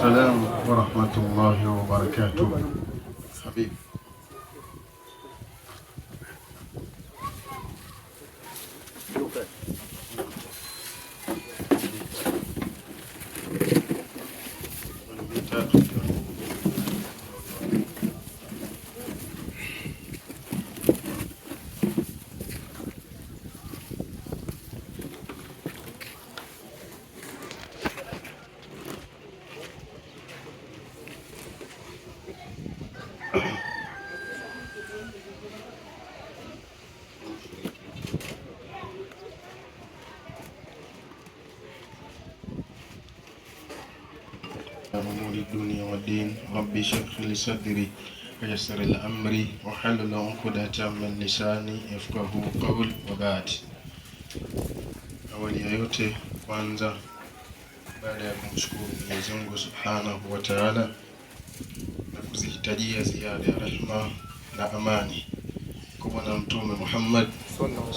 السلام ورحمة الله وبركاته حبيب Thank you. أمور الدنيا والدين رب اشرح لي صدري ويسر لي أمري واحلل عقدة من lisani yafqahu qawl wa ba'd. Awali ya yote kwanza, baada ya kumshukuru Mwenyezi Subhanahu wa Ta'ala na kuzihitajia ziada ya rehma na amani kwa Bwana Mtume Muhammad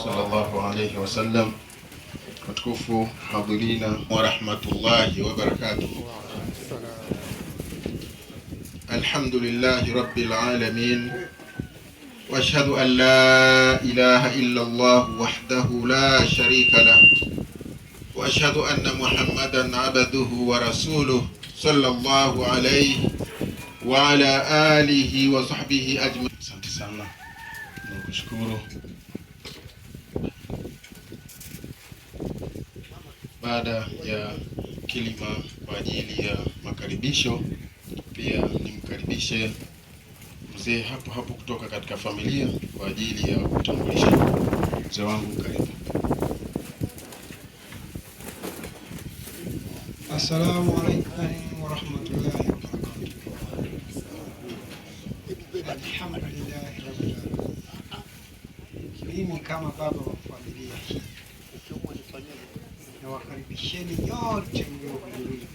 sallallahu alayhi wasallam, watukufu hadhirina wa rahmatullahi wa الحمد لله رب العالمين واشهد ان لا اله الا الله وحده لا شريك له واشهد ان محمدا عبده ورسوله صلى الله عليه وعلى اله وصحبه اجمعين سنت sana nakushukuru baada ya kilima kwa ajili ya makaribisho pia ni nimkaribishe mzee hapo hapo kutoka katika familia kwa ajili ya kutambulisha. Mzee wangu, karibu. Assalamu alaikum warahmatullahi wabarakatuh. Alhamdulillahi rabbil alamin. Mimi kama baba wa familia hii nawakaribisheni nyote mliohudhuria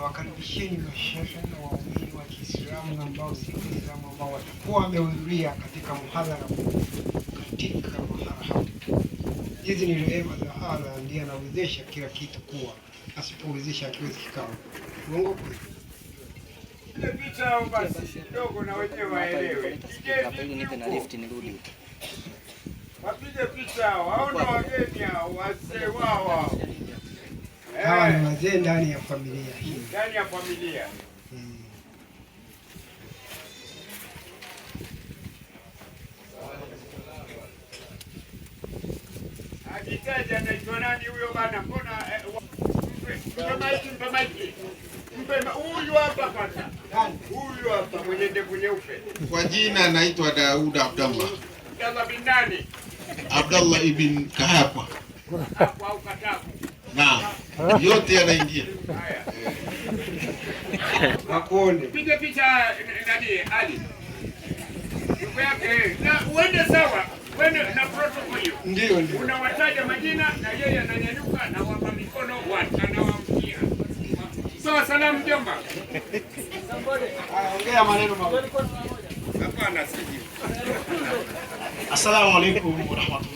Nawakaribisheni mashekhe na waumini wa Kiislamu ambao si Waislamu ambao watakuwa wamehudhuria katika muhadhara katika mahara hapo. Hizi ni rehema za Allah, ndiye anawezesha kila kitu kuwa, asipowezesha hakiwezi kikawa. Uongo kweli? Wapige picha hao, waona wageni hao, wazee wao hawa ni wazee ndani ya familia hii, ndani ya familia hmm. Kwa jina naitwa Daud Abdallah, bin Abdallah ibn Kahapa ah, yote yanaingia. Nakuone piga picha nani Ali eh, uende sawa, uende na protokoli hiyo, ndio ndio, unawataja majina na yeye ananyanyuka na wapa mikono watu anawaamkia. Sawa, salamu mjomba, ongea maneno mawili. Hapana, siji. Asalamu alaykum wa rahmatullahi